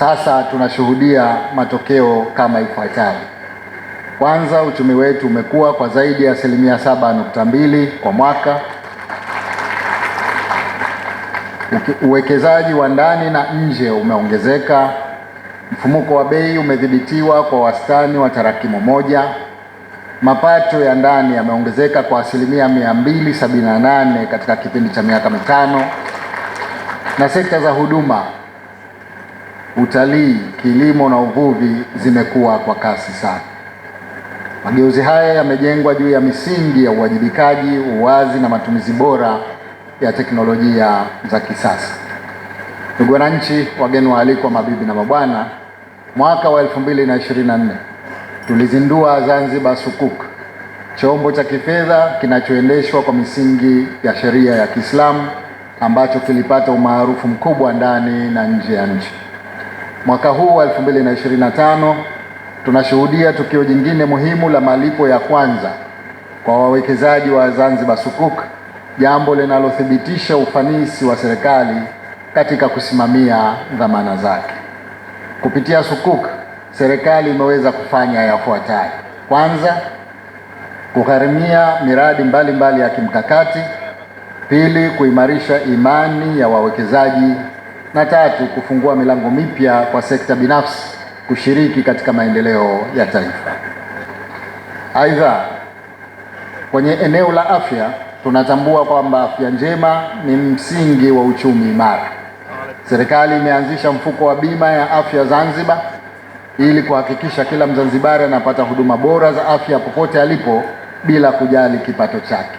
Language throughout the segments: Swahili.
Sasa tunashuhudia matokeo kama ifuatayo. Kwanza, uchumi wetu umekuwa kwa zaidi ya asilimia saba nukta mbili kwa mwaka. Uwekezaji wa ndani na nje umeongezeka. Mfumuko wa bei umedhibitiwa kwa wastani wa tarakimu moja. Mapato ya ndani yameongezeka kwa asilimia 278 katika kipindi cha miaka mitano, na sekta za huduma utalii, kilimo na uvuvi zimekuwa kwa kasi sana. Mageuzi haya yamejengwa juu ya misingi ya uwajibikaji, uwazi na matumizi bora ya teknolojia za kisasa. Ndugu wananchi, wageni waalikwa, mabibi na mabwana, mwaka wa 2024 tulizindua Zanzibar Sukuk, chombo cha kifedha kinachoendeshwa kwa misingi ya sheria ya Kiislamu ambacho kilipata umaarufu mkubwa ndani na nje ya nchi. Mwaka huu wa 2025 tunashuhudia tukio jingine muhimu la malipo ya kwanza kwa wawekezaji wa Zanzibar Sukuk, jambo linalothibitisha ufanisi wa serikali katika kusimamia dhamana zake. Kupitia Sukuk, serikali imeweza kufanya yafuatayo: kwanza, kugharimia miradi mbalimbali mbali ya kimkakati; pili, kuimarisha imani ya wawekezaji na tatu, kufungua milango mipya kwa sekta binafsi kushiriki katika maendeleo ya taifa. Aidha, kwenye eneo la afya tunatambua kwamba afya njema ni msingi wa uchumi imara. Serikali imeanzisha mfuko wa bima ya afya Zanzibar ili kuhakikisha kila Mzanzibari anapata huduma bora za afya popote alipo bila kujali kipato chake.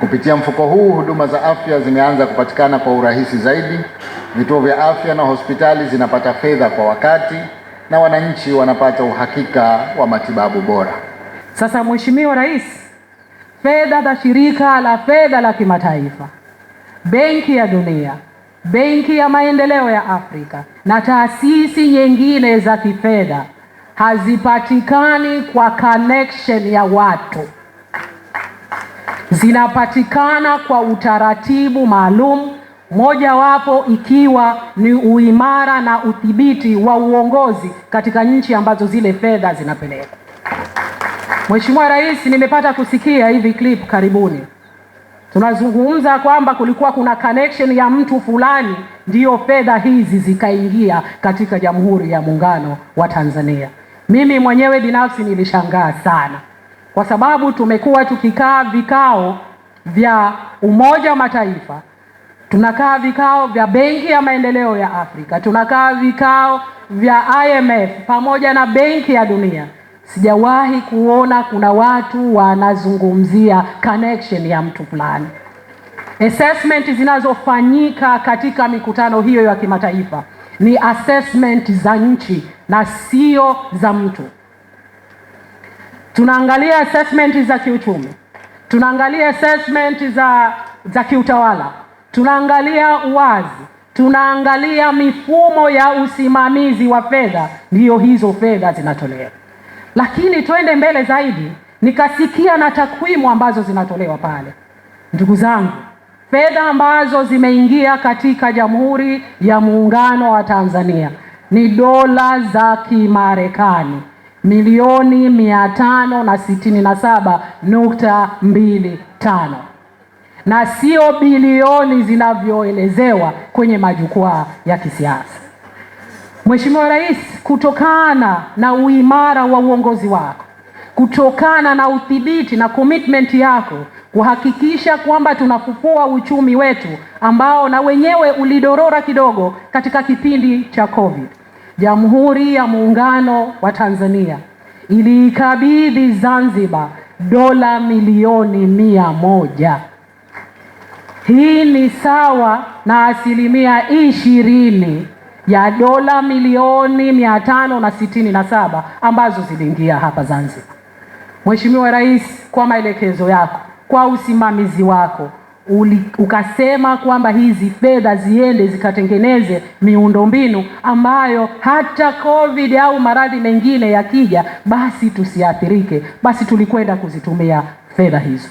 Kupitia mfuko huu, huduma za afya zimeanza kupatikana kwa urahisi zaidi Vituo vya afya na hospitali zinapata fedha kwa wakati na wananchi wanapata uhakika wa matibabu bora. Sasa Mheshimiwa Rais, fedha za shirika la fedha la kimataifa, Benki ya Dunia, Benki ya Maendeleo ya Afrika na taasisi nyingine za kifedha hazipatikani kwa connection ya watu, zinapatikana kwa utaratibu maalum mojawapo ikiwa ni uimara na udhibiti wa uongozi katika nchi ambazo zile fedha zinapelekwa. Mheshimiwa Rais, nimepata kusikia hivi clip karibuni tunazungumza kwamba kulikuwa kuna connection ya mtu fulani ndiyo fedha hizi zikaingia katika Jamhuri ya Muungano wa Tanzania. Mimi mwenyewe binafsi nilishangaa sana, kwa sababu tumekuwa tukikaa vikao vya Umoja wa Mataifa tunakaa vikao vya Benki ya Maendeleo ya Afrika, tunakaa vikao vya IMF pamoja na Benki ya Dunia. Sijawahi kuona kuna watu wanazungumzia connection ya mtu fulani. Assessment zinazofanyika katika mikutano hiyo ya kimataifa ni assessment za nchi na sio za mtu. Tunaangalia assessment za kiuchumi, tunaangalia assessment za, za kiutawala tunaangalia uwazi, tunaangalia mifumo ya usimamizi wa fedha, ndiyo hizo fedha zinatolewa. Lakini twende mbele zaidi, nikasikia na takwimu ambazo zinatolewa pale. Ndugu zangu, fedha ambazo zimeingia katika Jamhuri ya Muungano wa Tanzania ni dola za Kimarekani milioni mia tano na sitini na saba nukta mbili tano na sio bilioni zinavyoelezewa kwenye majukwaa ya kisiasa. Mheshimiwa Rais, kutokana na uimara wa uongozi wako, kutokana na udhibiti na commitment yako kuhakikisha kwamba tunafufua uchumi wetu ambao na wenyewe ulidorora kidogo katika kipindi cha Covid, Jamhuri ya Muungano wa Tanzania iliikabidhi Zanzibar dola milioni mia moja. Hii ni sawa na asilimia ishirini ya dola milioni mia tano na sitini na saba ambazo ziliingia hapa Zanzibar. Mheshimiwa Rais, kwa maelekezo yako, kwa usimamizi wako uli, ukasema kwamba hizi fedha ziende zikatengeneze miundombinu ambayo hata COVID au maradhi mengine yakija basi tusiathirike. Basi tulikwenda kuzitumia fedha hizo.